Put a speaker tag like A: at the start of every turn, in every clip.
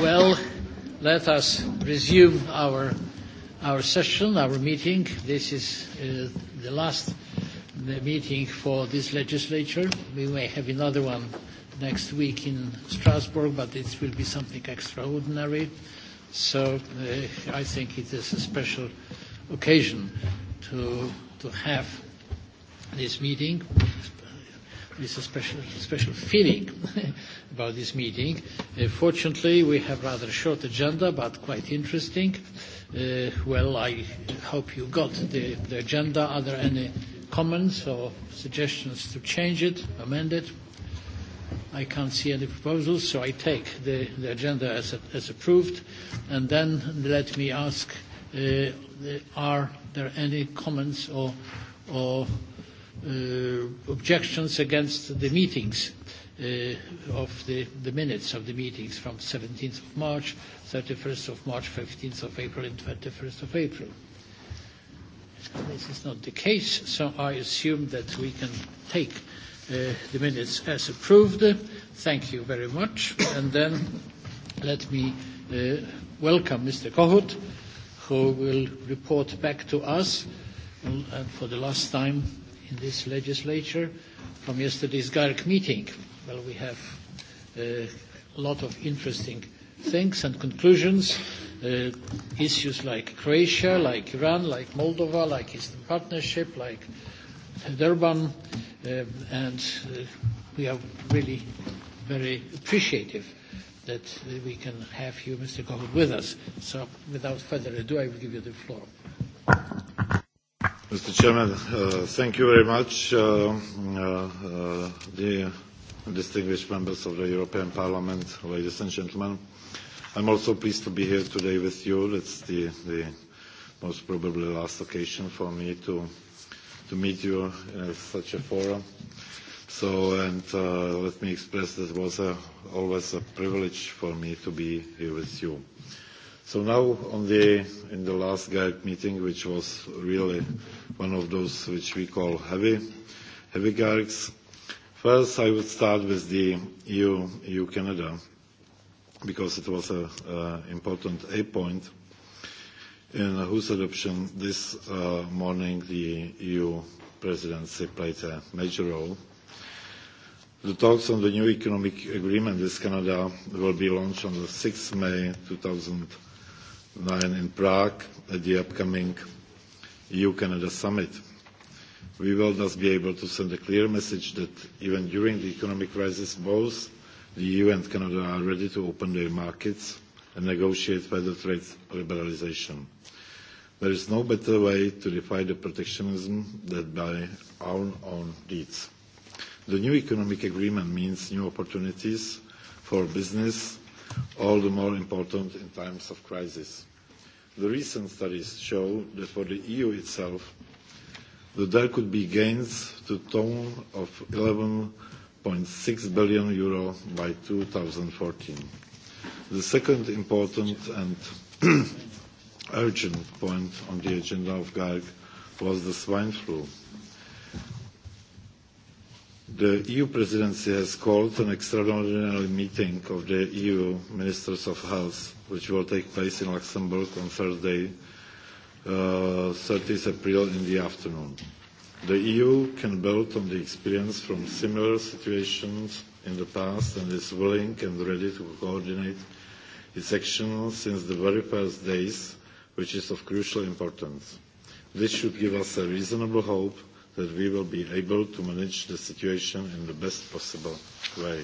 A: Well, let us resume our our session, our meeting. This is the last meeting for this legislature. We may have another one next week in Strasbourg, but it will be something extraordinary. So I think it is a special occasion to to have this meeting. It's a special, special feeling about this meeting. Fortunately, we have rather short agenda, but quite interesting. Well, I hope you got the the agenda. Are there any comments or suggestions to change it, amend it? I can't see any proposals, so I take the the agenda as as approved. And then let me ask, are there any comments or or objections against the meetings of the minutes of the meetings from 17th of March, 31st of March, 15th of April and 21st of April. This is not the case, so I assume that we can take the minutes as approved. Thank you very much. And then let me welcome Mr. Kohut, who will report back to us for the last time in this legislature from yesterday's GARC meeting. Well, we have a lot of interesting things and conclusions. Issues like Croatia, like Iran, like Moldova, like Eastern Partnership, like Durban, and we are really very appreciative that we can have you, Mr. Kovac, with us. So without further ado, I will give you the floor.
B: Mr. Chairman, thank you very much, dear distinguished members of the European Parliament, ladies and gentlemen. I'm also pleased to be here today with you. It's the, the most probably last occasion for me to, to meet you in such a forum. So, and let me express that it was always a privilege for me to be here with you. So now on in the last guide meeting, which was really one of those which we call heavy heavy first I would start with the EU Canada because it was an important A point in whose adoption this morning the EU Presidency played a major role. The talks on the new economic agreement with Canada will be launched on the 6th May Nine in Prague at the upcoming EU-Canada summit. We will thus be able to send a clear message that even during the economic crisis, both the EU and Canada are ready to open their markets and negotiate further trade liberalisation. There is no better way to defy the protectionism than by our own deeds. The new economic agreement means new opportunities for business all the more important in times of crisis. The recent studies show that for the EU itself, there could be gains to tone of 11.6 billion euro by 2014. The second important and urgent point on the agenda of GAEC was the swine flu The EU Presidency has called an extraordinary meeting of the EU Ministers of Health, which will take place in Luxembourg on Thursday, 30 April in the afternoon. The EU can build on the experience from similar situations in the past and is willing and ready to coordinate its action since the very first days, which is of crucial importance. This should give us a reasonable hope that we will be able to manage the situation in the best possible way.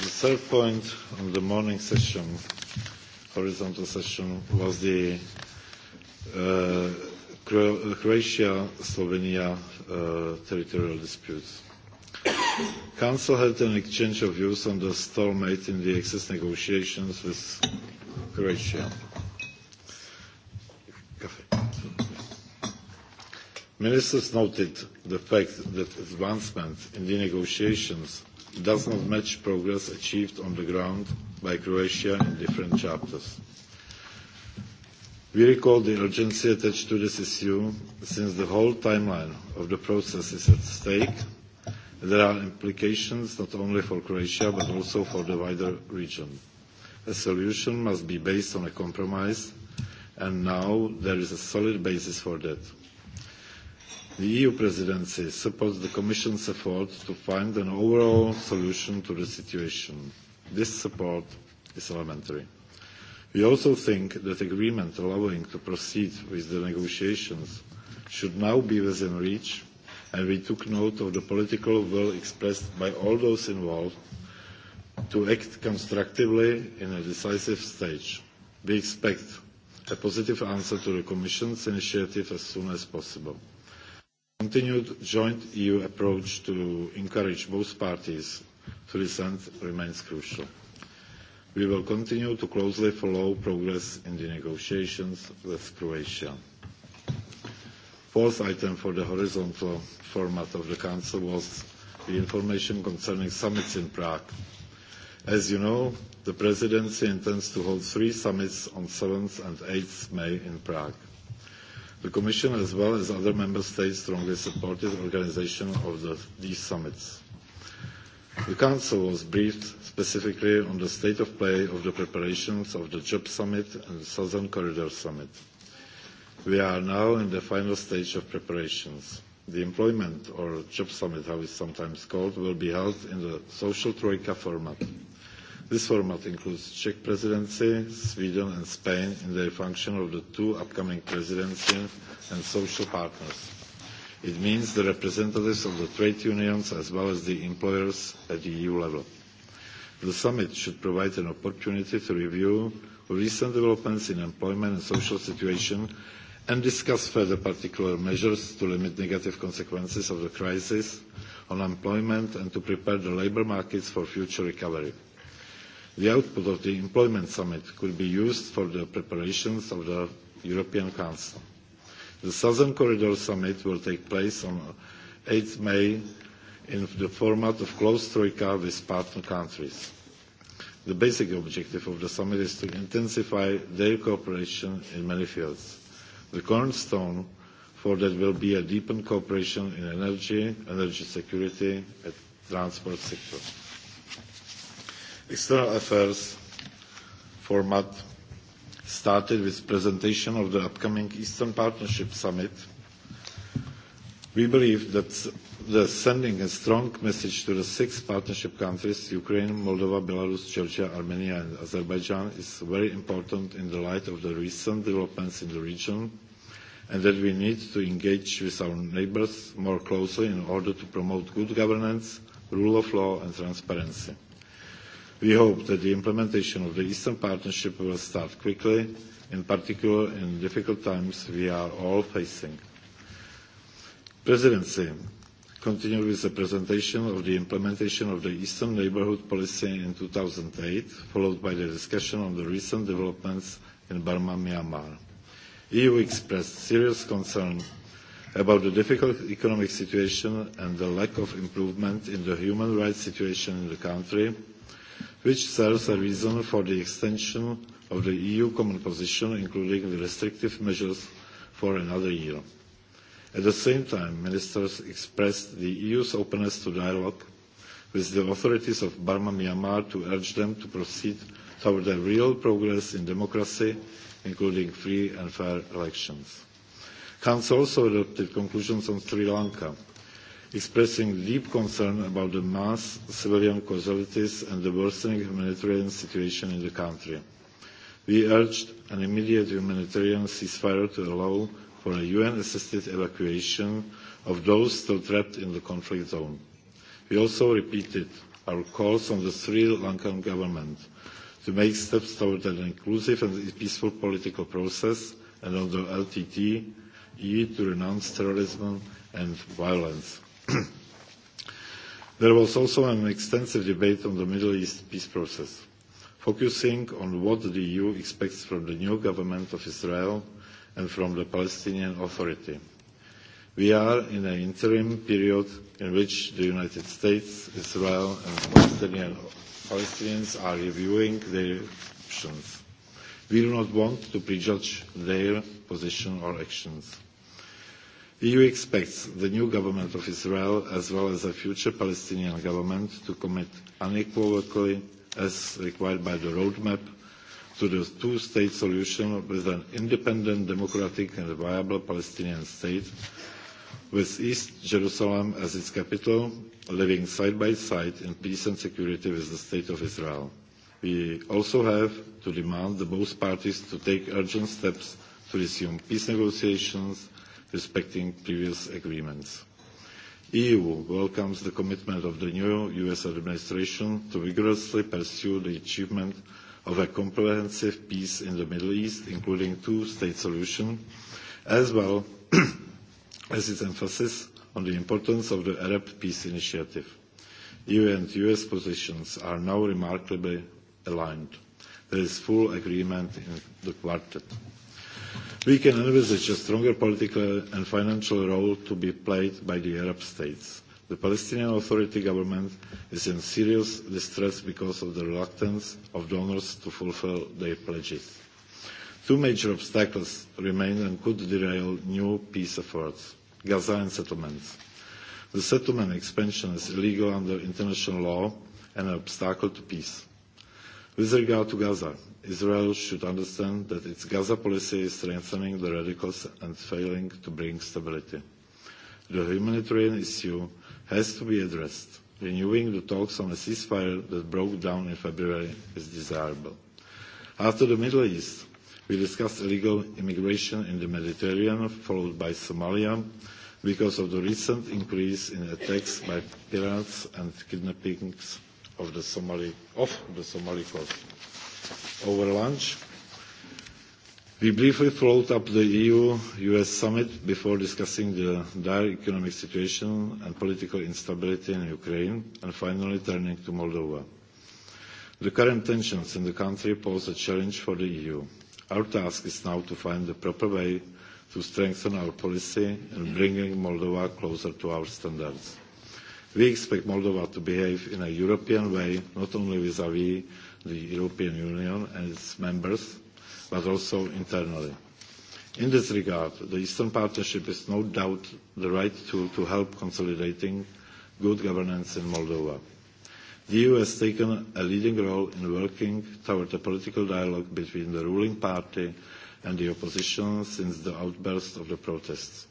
B: The third point on the morning session, horizontal session, was the Croatia-Slovenia territorial disputes. Council had an exchange of views on the stalemate in the access negotiations with Croatia. Ministers noted the fact that advancement in the negotiations does not match progress achieved on the ground by Croatia in different chapters. We recall the urgency attached to this issue since the whole timeline of the process is at stake. There are implications not only for Croatia but also for the wider region. A solution must be based on a compromise and now there is a solid basis for that. The EU Presidency supports the Commission's effort to find an overall solution to the situation. This support is elementary. We also think that agreement allowing to proceed with the negotiations should now be within reach, and we took note of the political will expressed by all those involved to act constructively in a decisive stage. We expect a positive answer to the Commission's initiative as soon as possible. The Continued joint EU approach to encourage both parties to listen remains crucial. We will continue to closely follow progress in the negotiations with Croatia. Fourth item for the horizontal format of the Council was the information concerning summits in Prague. As you know, the Presidency intends to hold three summits on 7th and 8th May in Prague. The Commission, as well as other member states, strongly supported the organisation of these summits. The Council was briefed specifically on the state of play of the preparations of the Job Summit and the Southern Corridor Summit. We are now in the final stage of preparations. The Employment or Job Summit, as it is sometimes called, will be held in the Social Troika format. This format includes Czech presidency, Sweden and Spain in their function of the two upcoming presidencies and social partners. It means the representatives of the trade unions as well as the employers at the EU level. The summit should provide an opportunity to review recent developments in employment and social situation and discuss further particular measures to limit negative consequences of the crisis on employment and to prepare the labour markets for future recovery. The output of the Employment Summit could be used for the preparations of the European Council. The Southern Corridor Summit will take place on 8 May in the format of close troika with partner countries. The basic objective of the summit is to intensify their cooperation in many fields. The cornerstone for that will be a deepened cooperation in energy, energy security, and transport sector. External Affairs format started with presentation of the upcoming Eastern Partnership Summit. We believe that the sending a strong message to the six partnership countries, Ukraine, Moldova, Belarus, Georgia, Armenia and Azerbaijan, is very important in the light of the recent developments in the region and that we need to engage with our neighbours more closely in order to promote good governance, rule of law and transparency. We hope that the implementation of the Eastern Partnership will start quickly, in particular in difficult times we are all facing. Presidency continued with the presentation of the implementation of the Eastern Neighbourhood Policy in 2008, followed by the discussion on the recent developments in Burma, Myanmar. EU expressed serious concern about the difficult economic situation and the lack of improvement in the human rights situation in the country which serves a reason for the extension of the EU common position, including the restrictive measures, for another year. At the same time, ministers expressed the EU's openness to dialogue with the authorities of Burma Myanmar to urge them to proceed toward real progress in democracy, including free and fair elections. Council also adopted conclusions on Sri Lanka expressing deep concern about the mass civilian casualties and the worsening humanitarian situation in the country. We urged an immediate humanitarian ceasefire to allow for a UN-assisted evacuation of those still trapped in the conflict zone. We also repeated our calls on the Sri Lankan government to make steps towards an inclusive and peaceful political process and on the LTTE to renounce terrorism and violence. There was also an extensive debate on the Middle East peace process, focusing on what the EU expects from the new government of Israel and from the Palestinian Authority. We are in an interim period in which the United States, Israel and Palestinians are reviewing their options. We do not want to prejudge their position or actions. The EU expects the new government of Israel, as well as a future Palestinian government, to commit unequivocally, as required by the roadmap, to the two-state solution with an independent, democratic and viable Palestinian state, with East Jerusalem as its capital, living side by side in peace and security with the State of Israel. We also have to demand that both parties to take urgent steps to resume peace negotiations respecting previous agreements. EU welcomes the commitment of the new US administration to vigorously pursue the achievement of a comprehensive peace in the Middle East, including two-state solution, as well as its emphasis on the importance of the Arab Peace Initiative. EU and US positions are now remarkably aligned. There is full agreement in the quartet we can envisage a stronger political and financial role to be played by the Arab states. The Palestinian Authority government is in serious distress because of the reluctance of donors to fulfil their pledges. Two major obstacles remain and could derail new peace efforts Gaza and settlements. The settlement expansion is illegal under international law and an obstacle to peace. With regard to Gaza, Israel should understand that its Gaza policy is strengthening the radicals and failing to bring stability. The humanitarian issue has to be addressed. Renewing the talks on a ceasefire that broke down in February is desirable. After the Middle East, we discussed illegal immigration in the Mediterranean, followed by Somalia, because of the recent increase in attacks by pirates and kidnappings of the Somali coast. Over lunch, we briefly followed up the EU-US summit before discussing the dire economic situation and political instability in Ukraine, and finally turning to Moldova. The current tensions in the country pose a challenge for the EU. Our task is now to find the proper way to strengthen our policy in bringing Moldova closer to our standards. We expect Moldova to behave in a European way, not only vis-à-vis the European Union and its members, but also internally. In this regard, the Eastern Partnership is no doubt the right tool to help consolidating good governance in Moldova. The EU has taken a leading role in working towards a political dialogue between the ruling party and the opposition since the outburst of the protests.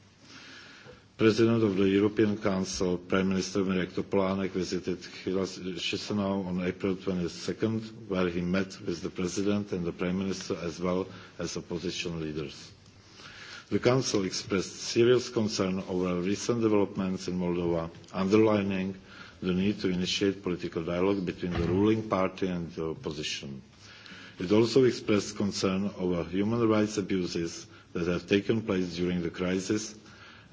B: President of the European Council, Prime Minister Mirek Topolánek visited Chisinau on April 22, where he met with the President and the Prime Minister as well as opposition leaders. The Council expressed serious concern over recent developments in Moldova, underlining the need to initiate political dialogue between the ruling party and the opposition. It also expressed concern over human rights abuses that have taken place during the crisis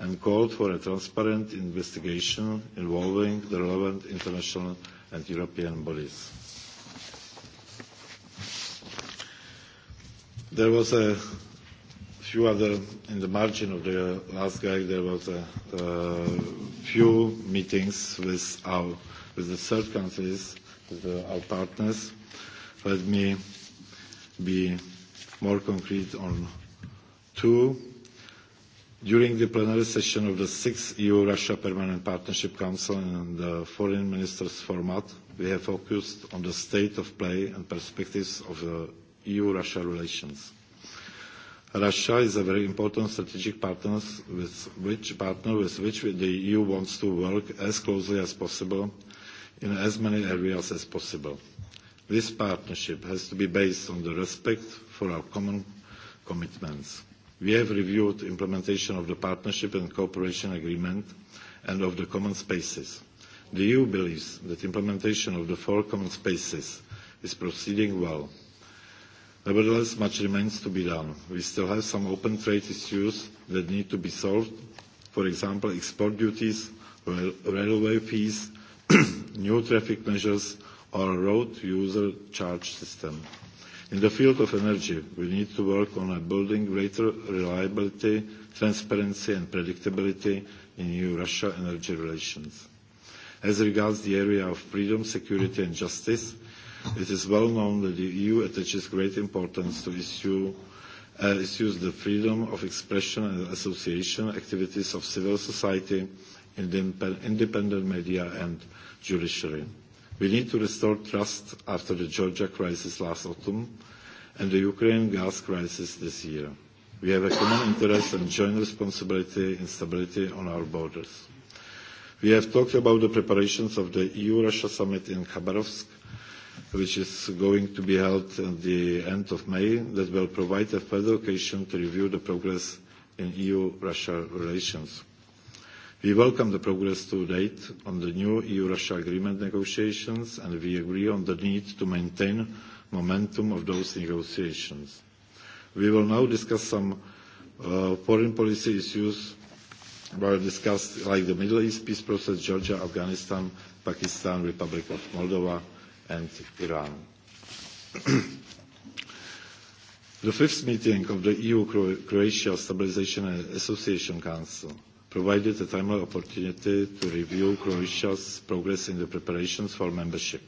B: and called for a transparent investigation involving the relevant international and European bodies. There was a few other, in the margin of the last guide, there was a few meetings with our, with the third countries, with our partners. Let me be more concrete on two During the plenary session of the sixth EU-Russia Permanent Partnership Council and the Foreign Ministers format, we have focused on the state of play and perspectives of EU-Russia relations. Russia is a very important strategic partner with which the EU wants to work as closely as possible in as many areas as possible. This partnership has to be based on the respect for our common commitments we have reviewed implementation of the partnership and cooperation agreement and of the common spaces. The EU believes that implementation of the four common spaces is proceeding well. Nevertheless, much remains to be done. We still have some open trade issues that need to be solved, for example, export duties, railway fees, new traffic measures, or a road user charge system. In the field of energy, we need to work on building greater reliability, transparency and predictability in EU-Russia energy relations. As regards the area of freedom, security and justice, it is well known that the EU attaches great importance to issues the freedom of expression and association, activities of civil society, independent media and judiciary. We need to restore trust after the Georgia crisis last autumn and the Ukraine gas crisis this year. We have a common interest and joint responsibility in stability on our borders. We have talked about the preparations of the EU-Russia summit in Khabarovsk, which is going to be held at the end of May, that will provide a further occasion to review the progress in EU-Russia relations. We welcome the progress to date on the new EU-Russia agreement negotiations, and we agree on the need to maintain momentum of those negotiations. We will now discuss some foreign policy issues were discussed, like the Middle East peace process, Georgia, Afghanistan, Pakistan, Republic of Moldova, and Iran. The fifth meeting of the EU-Croatia Stabilization Association Council provided a timely opportunity to review Croatia's progress in the preparations for membership.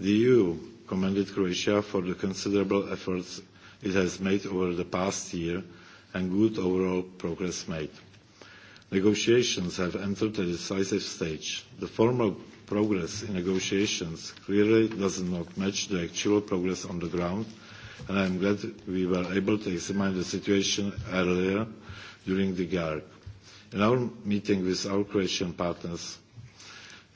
B: The EU commended Croatia for the considerable efforts it has made over the past year and good overall progress made. Negotiations have entered a decisive stage. The formal progress in negotiations clearly does not match the actual progress on the ground, and I am glad we were able to examine the situation earlier during the GARC. In our meeting with our Croatian partners,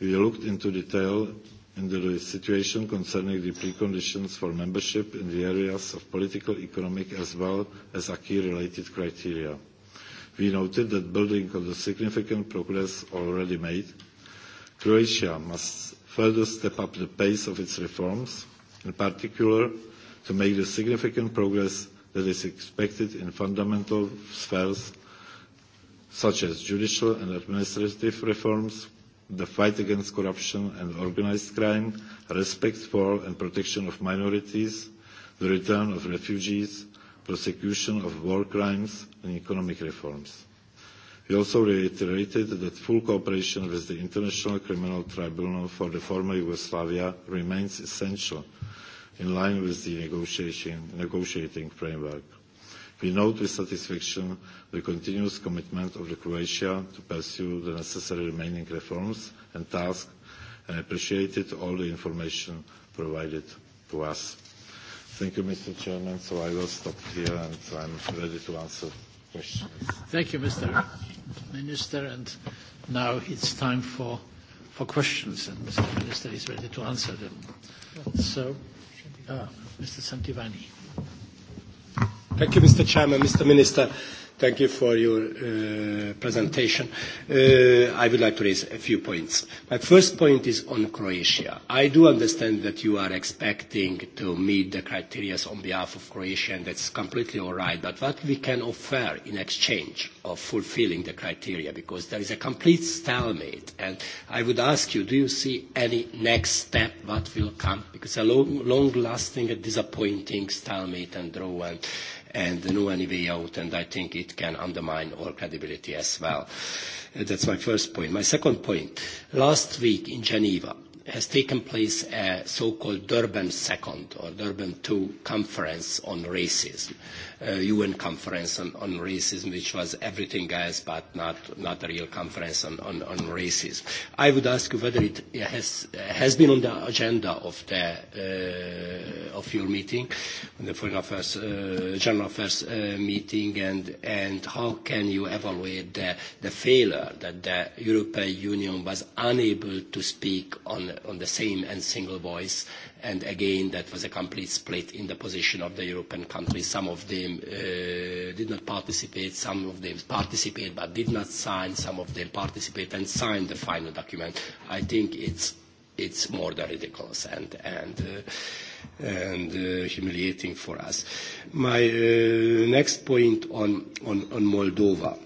B: we looked into detail into the situation concerning the preconditions for membership in the areas of political, economic, as well as acquis-related criteria. We noted that building on the significant progress already made, Croatia must further step up the pace of its reforms, in particular to make the significant progress that is expected in fundamental spheres such as judicial and administrative reforms, the fight against corruption and organised crime, respect for and protection of minorities, the return of refugees, prosecution of war crimes and economic reforms. We also reiterated that full cooperation with the International Criminal Tribunal for the former Yugoslavia remains essential in line with the negotiating framework. We note with satisfaction the continuous commitment of Croatia to pursue the necessary remaining reforms and tasks and appreciated all the information provided to us. Thank you, Mr. Chairman. So I will stop here and I'm ready to answer questions.
A: Thank you, Mr. Minister. And now it's time for questions, and Mr. Minister is ready to answer them. So, Mr. Santivani.
C: Thank you, Mr. Chairman, Mr. Minister. Thank you for your presentation. I would like to raise a few points. My first point is on Croatia. I do understand that you are expecting to meet the criteria on behalf of Croatia, and that's completely all right. But what we can offer in exchange of fulfilling the criteria, because there is a complete stalemate. And I would ask you, do you see any next step what will come? Because a long-lasting and disappointing stalemate and draw and and no any way out, and I think it can undermine our credibility as well. That's my first point. My second point, last week in Geneva, has taken place a so-called Durban Second or Durban Two conference on racism, UN conference on racism, which was everything else but not not a real conference on on racism. I would ask you whether it has has been on the agenda of the of your meeting, the Foreign Affairs General Affairs meeting, and and how can you evaluate the the failure that the European Union was unable to speak on on the same and single voice. And again, that was a complete split in the position of the European countries. Some of them did not participate, some of them participated but did not sign, some of them participated and signed the final document. I think it's it's more than ridiculous and and and humiliating for us. My next point on on Moldova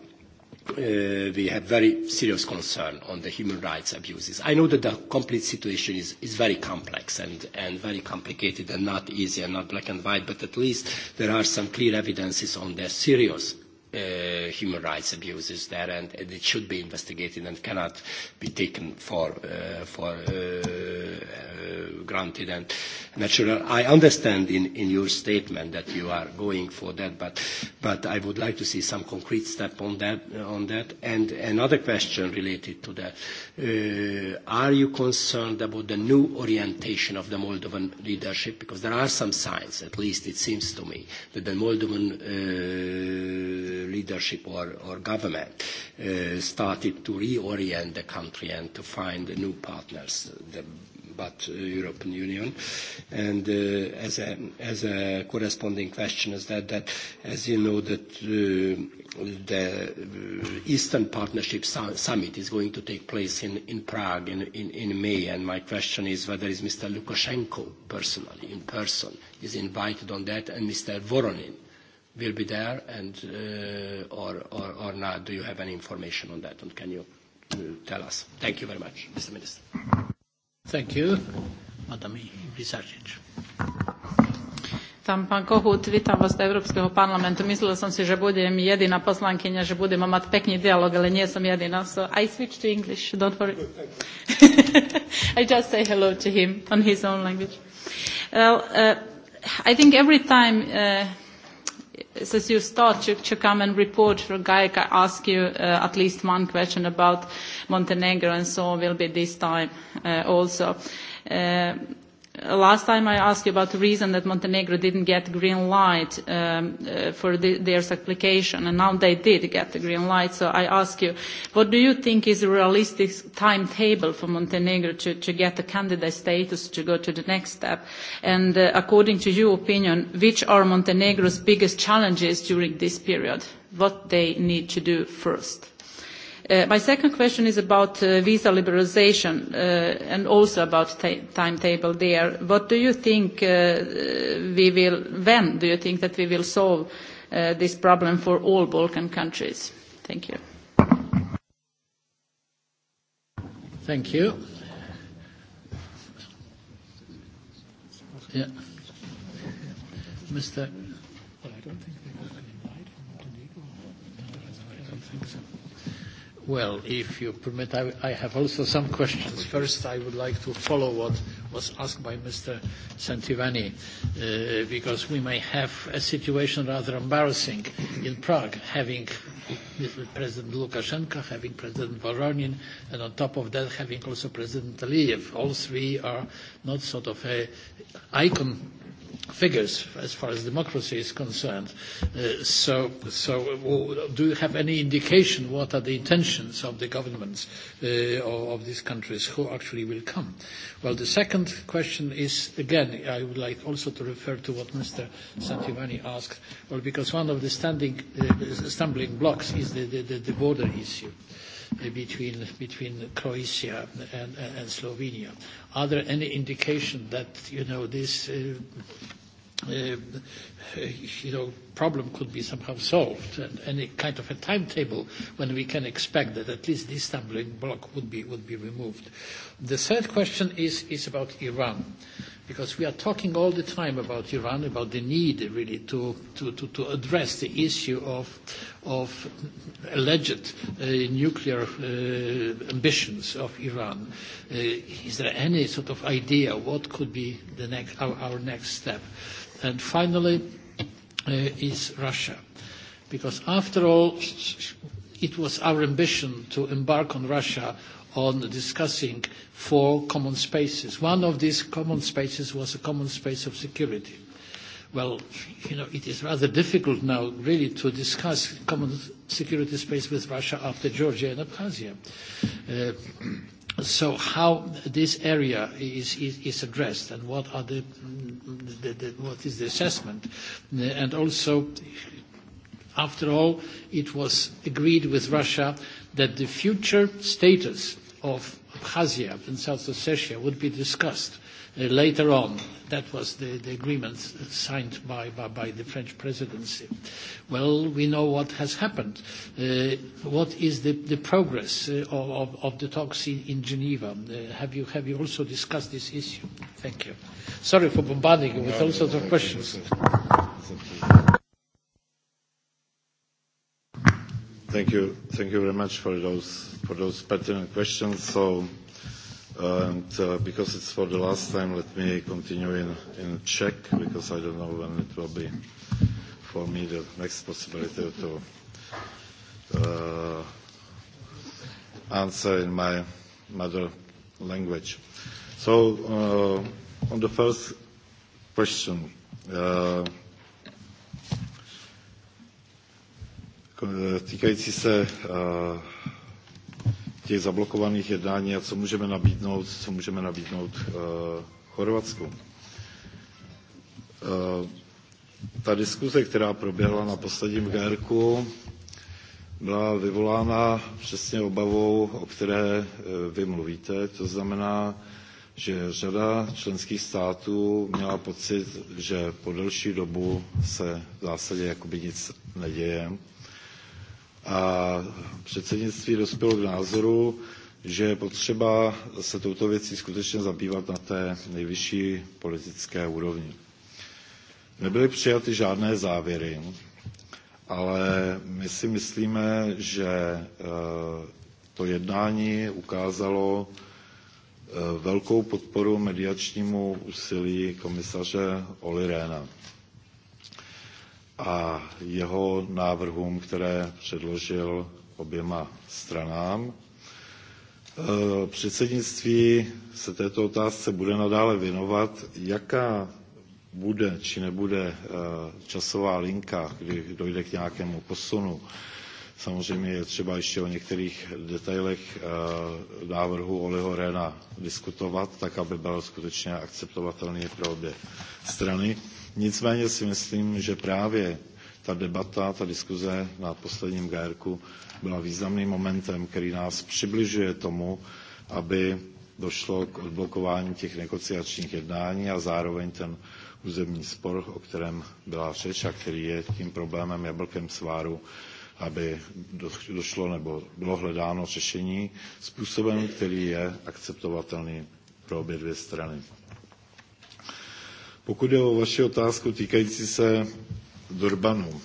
C: we have very serious concern on the human rights abuses. I know that the complete situation is very complex and very complicated and not easy and not black and white, but at least there are some clear evidences on their serious human rights abuses there and it should be investigated and cannot be taken for for granted and natural. I understand in in your statement that you are going for that but but I would like to see some concrete step on that on that. And another question related to that are you concerned about the new orientation of the Moldovan leadership? Because there are some signs, at least it seems to me, that the Moldovan leadership or government started to reorient the country and to find new partners but European Union. And as a corresponding question is that, as you know, that the Eastern Partnership Summit is going to take place in Prague in May, and my question is whether is Mr. Lukashenko personally, in person, is invited on that, and Mr. Voronin will be there and or or or not? Do you have any information on that? And can you tell us? Thank you very much, Mr. Minister. Thank you, Madam
D: Tam pan Kohut, vitam vas do Europskog parlamenta. Mislila sam si, že budem jedina poslankinja, že budemo imati pekni dialog, ali sam jedina. So I switch to English, don't worry. I just say hello to him on his own language. Well, I think every time since you start to come and report for GAEC, I ask you at least one question about Montenegro and so will be this time also. Last time I asked you about the reason that Montenegro didn't get green light for their application, and now they did get the green light. So I ask you, what do you think is a realistic timetable for Montenegro to get the candidate status to go to the next step? And according to your opinion, which are Montenegro's biggest challenges during this period? What they need to do first? My second question is about visa liberalization and also about timetable there. What do you think we will, when do you think that we will solve this problem for all Balkan countries? Thank you. Thank you.
A: Mr. Well, if you permit, I have also some questions. First, I would like to follow what was asked by Mr. Santivani, because we may have a situation rather embarrassing in Prague, having President Lukashenko, having President Voronin, and on top of that, having also President Aliyev. All three are not sort of an icon figures as far as democracy is concerned. So do you have any indication what are the intentions of the governments of these countries who actually will come? Well, the second question is, again, I would like also to refer to what Mr. Santivani asked, well, because one of the standing stumbling blocks is the border issue between between Croatia and and Slovenia. Are there any indication that you know this you know problem could be somehow solved and any kind of a timetable when we can expect that at least this stumbling block would be would be removed? The third question is is about Iran because we are talking all the time about Iran, about the need really to, to, to, to address the issue of, of alleged nuclear ambitions of Iran. is there any sort of idea what could be the next, our, our next step? And finally is Russia, because after all, it was our ambition to embark on Russia on discussing four common spaces. One of these common spaces was a common space of security. Well, you know, it is rather difficult now really to discuss common security space with Russia after Georgia and Abkhazia. So how this area is is addressed and what are the what is the assessment, and also, after all, it was agreed with Russia that the future status of Abkhazia and South Ossetia would be discussed later on. That was the agreement signed by the French presidency. Well, we know what has happened. What is the progress of the talks in Geneva? Have you also discussed this issue? Thank you. Sorry for bombarding you with all sorts of questions.
B: Thank you. Thank you very much for those for those pertinent questions. So, and because it's for the last time, let me continue in in Czech because I don't know when it will be for me the next possibility to answer in my mother language. So, on the first question. týkající se těch zablokovaných jednání a co můžeme nabídnout, co můžeme nabídnout Chorvatsku. Ta diskuze, která proběhla na posledním GRku, byla vyvolána přesně obavou, o které vy mluvíte. To znamená, že řada členských států měla pocit, že po delší dobu se v zásadě jakoby nic neděje a předsednictví dospělo k názoru, že je potřeba se touto věcí skutečně zabývat na té nejvyšší politické úrovni. Nebyly přijaty žádné závěry, ale my si myslíme, že to jednání ukázalo velkou podporu mediačnímu úsilí komisaře Oli Réna a jeho návrhům, které předložil oběma stranám. Předsednictví se této otázce bude nadále věnovat, jaká bude či nebude časová linka, kdy dojde k nějakému posunu Samozřejmě je třeba ještě o některých detailech návrhu Oleho Rena diskutovat, tak aby byl skutečně akceptovatelný pro obě strany. Nicméně si myslím, že právě ta debata, ta diskuze na posledním GRku byla významným momentem, který nás přibližuje tomu, aby došlo k odblokování těch negociačních jednání a zároveň ten územní spor, o kterém byla řeč a který je tím problémem jablkem sváru, aby došlo nebo bylo hledáno řešení způsobem, který je akceptovatelný pro obě dvě strany. Pokud je o vaši otázku týkající se Durbanu,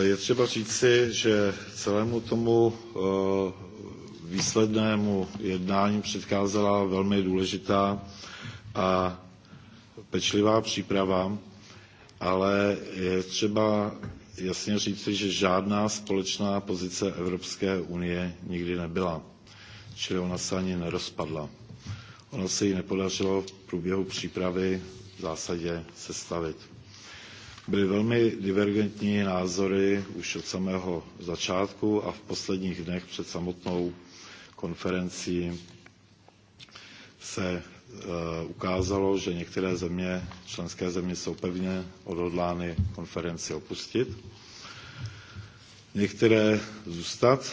B: je třeba říci, že celému tomu výslednému jednání předcházela velmi důležitá a pečlivá příprava ale je třeba jasně říci, že žádná společná pozice Evropské unie nikdy nebyla, čili ona se ani nerozpadla. Ono se jí nepodařilo v průběhu přípravy v zásadě sestavit. Byly velmi divergentní názory už od samého začátku a v posledních dnech před samotnou konferencí se ukázalo, že některé země, členské země jsou pevně odhodlány konferenci opustit, některé zůstat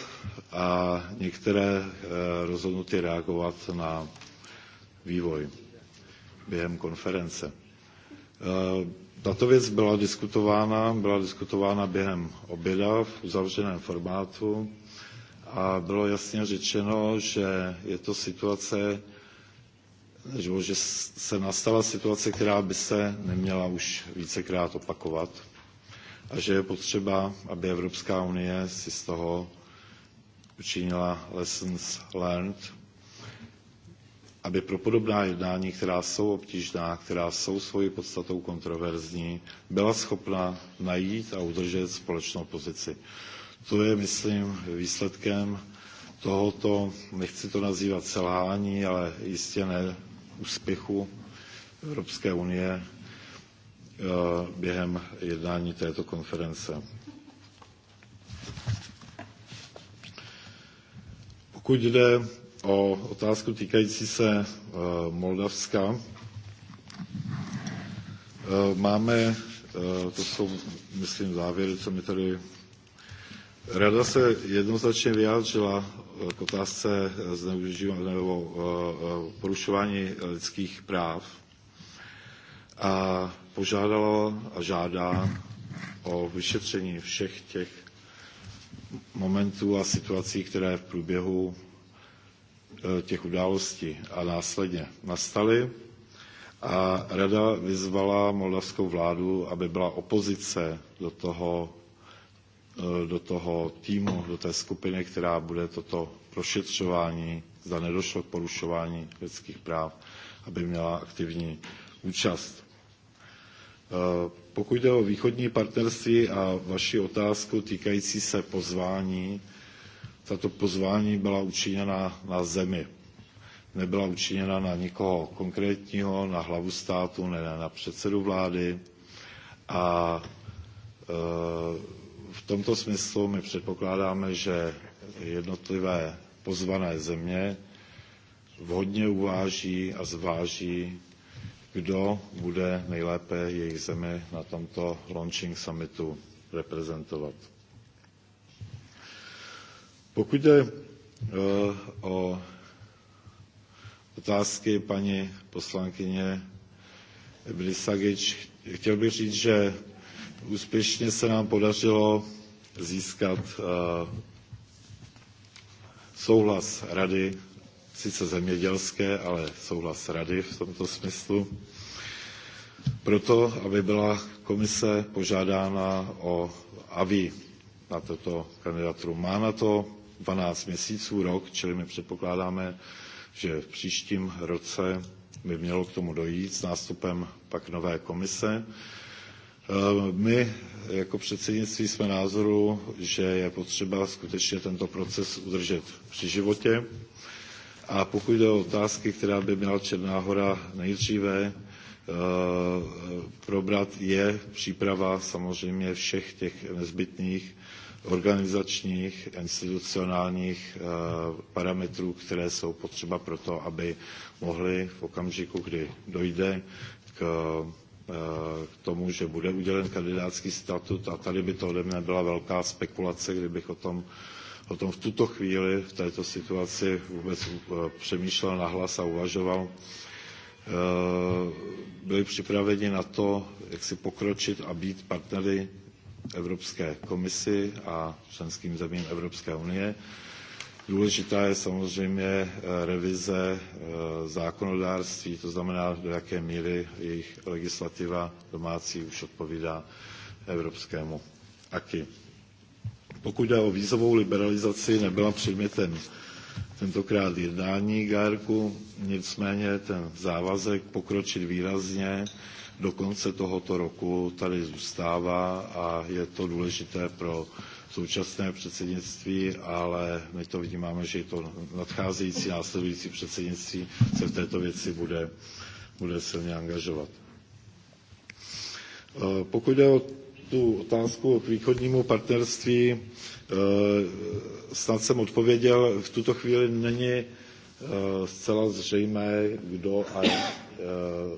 B: a některé rozhodnuty reagovat na vývoj během konference. Tato věc byla diskutována, byla diskutována během oběda v uzavřeném formátu a bylo jasně řečeno, že je to situace, že se nastala situace, která by se neměla už vícekrát opakovat a že je potřeba, aby Evropská unie si z toho učinila lessons learned, aby pro podobná jednání, která jsou obtížná, která jsou svojí podstatou kontroverzní, byla schopna najít a udržet společnou pozici. To je, myslím, výsledkem tohoto, nechci to nazývat selhání, ale jistě ne úspěchu Evropské unie během jednání této konference. Pokud jde o otázku týkající se Moldavska, máme, to jsou, myslím, závěry, co mi tady Rada se jednoznačně vyjádřila k otázce zneužívání nebo porušování lidských práv a požádala a žádá o vyšetření všech těch momentů a situací, které v průběhu těch událostí a následně nastaly. A Rada vyzvala moldavskou vládu, aby byla opozice do toho do toho týmu, do té skupiny, která bude toto prošetřování, zda nedošlo k porušování lidských práv, aby měla aktivní účast. Pokud jde o východní partnerství a vaši otázku týkající se pozvání, tato pozvání byla učiněna na zemi. Nebyla učiněna na nikoho konkrétního, na hlavu státu, ne na předsedu vlády. A V tomto smyslu my předpokládáme, že jednotlivé pozvané země vhodně uváží a zváží, kdo bude nejlépe jejich zemi na tomto launching summitu reprezentovat. Pokud jde o otázky paní poslankyně Brisagič, chtěl bych říct, že úspěšně se nám podařilo získat souhlas rady, sice zemědělské, ale souhlas rady v tomto smyslu, proto, aby byla komise požádána o AVI na toto kandidaturu. Má na to 12 měsíců, rok, čili my předpokládáme, že v příštím roce by mělo k tomu dojít s nástupem pak nové komise. My jako předsednictví jsme názoru, že je potřeba skutečně tento proces udržet při životě. A pokud jde o otázky, která by měla Černá hora nejdříve probrat, je příprava samozřejmě všech těch nezbytných organizačních, institucionálních parametrů, které jsou potřeba pro aby mohli v okamžiku, kdy dojde k k tomu, že bude udělen kandidátský statut a tady by to ode mne byla velká spekulace, kdybych o tom o tom v tuto chvíli v této situaci vůbec přemýšlel nahlas a uvažoval. Byli připraveni na to, jak si pokročit a být partnery Evropské komisi a členským zemím Evropské unie. Důležitá je samozřejmě revize zákonodárství, to znamená, do jaké míry jejich legislativa domácí už odpovídá evropskému aky. Pokud jde o vízovou liberalizaci, nebyla předmětem tentokrát jednání GARKU, nicméně ten závazek pokročit výrazně do konce tohoto roku tady zůstává a je to důležité pro současné předsednictví, ale my to vnímáme, že i to nadcházející, následující předsednictví se v této věci bude, bude silně angažovat. Pokud jde o tu otázku k východnímu partnerství, snad jsem odpověděl, v tuto chvíli není zcela zřejmé, kdo a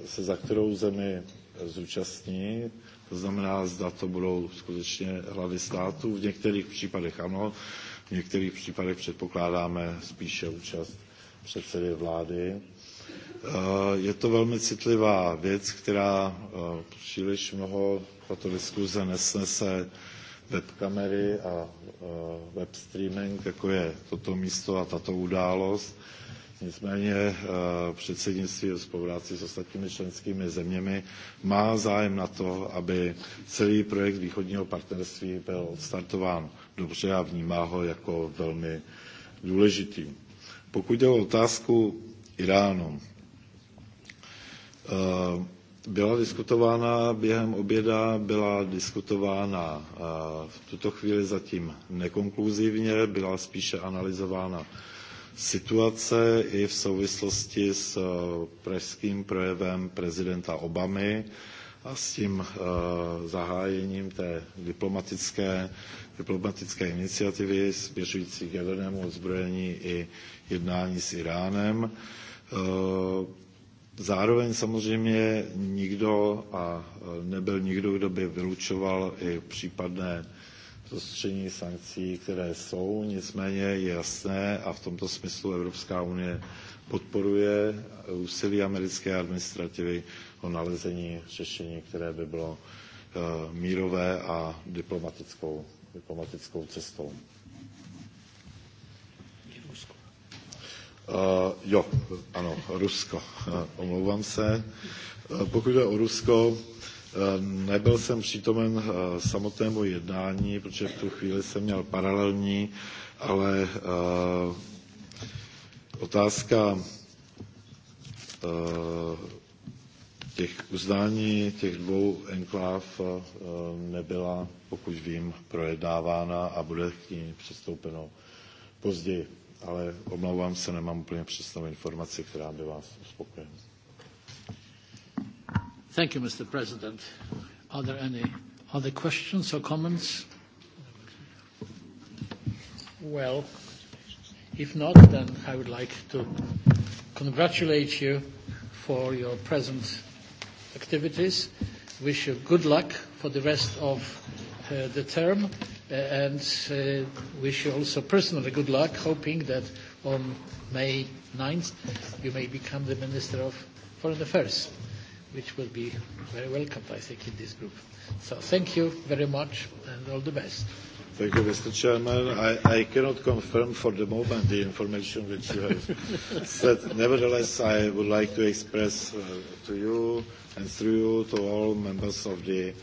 B: se za kterou zemi zúčastní To znamená, zda to budou skutečně hlavy států. V některých případech ano, v některých případech předpokládáme spíše účast předsedy vlády. Je to velmi citlivá věc, která příliš mnoho tato diskuze nesnese webkamery a webstreaming, jako je toto místo a tato událost Nicméně předsednictví ve spolupráci s ostatními členskými zeměmi má zájem na to, aby celý projekt východního partnerství byl odstartován dobře a vnímá ho jako velmi důležitý. Pokud jde o otázku Iránu, byla diskutována během oběda, byla diskutována v tuto chvíli zatím nekonkluzivně, byla spíše analyzována situace i v souvislosti s pražským projevem prezidenta Obamy a s tím zahájením té diplomatické, iniciativy směřující k jadernému ozbrojení i jednání s Iránem. Zároveň samozřejmě nikdo a nebyl nikdo, kdo by vylučoval i případné rozstření sankcí, které jsou, nicméně je jasné a v tomto smyslu Evropská unie podporuje úsilí americké administrativy o nalezení řešení, které by bylo mírové a diplomatickou, diplomatickou cestou. Jo, ano, Rusko. Omlouvám se. Pokud jde o Rusko, Nebyl jsem přítomen samotnému jednání, protože v tu chvíli jsem měl paralelní, ale otázka těch uznání těch dvou enkláv nebyla, pokud vím, projednávána a bude k ní přistoupeno později. Ale omlouvám se, nemám úplně přesnou informaci, která by vás uspokojila.
A: Thank you, Mr. President. Are there any other questions or comments? Well, if not, then I would like to congratulate you for your present activities. Wish you good luck for the rest of the term and wish you also personally good luck, hoping that on May 9th you may become the Minister of Foreign Affairs which will be very welcome, I think, in this group. So thank you very much and all the best.
B: Thank you, Mr. Chairman. I, I cannot confirm for the moment the information which you have said. Nevertheless, I would like to express to you and through you to all members of the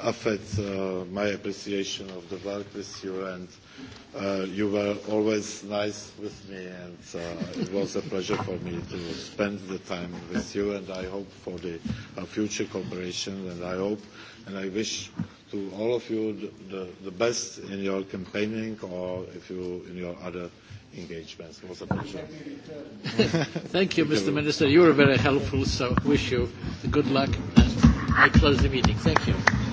B: uh my appreciation of the work with you, and you were always nice with me, and it was a pleasure for me to spend the time with you, and I hope for the future cooperation, and I hope and I wish to all of you the the best in your campaigning or if you in your other engagements. It was a pleasure.
A: Thank you, Mr. Minister. You were very helpful, so I wish you good luck. and I close the meeting. Thank you.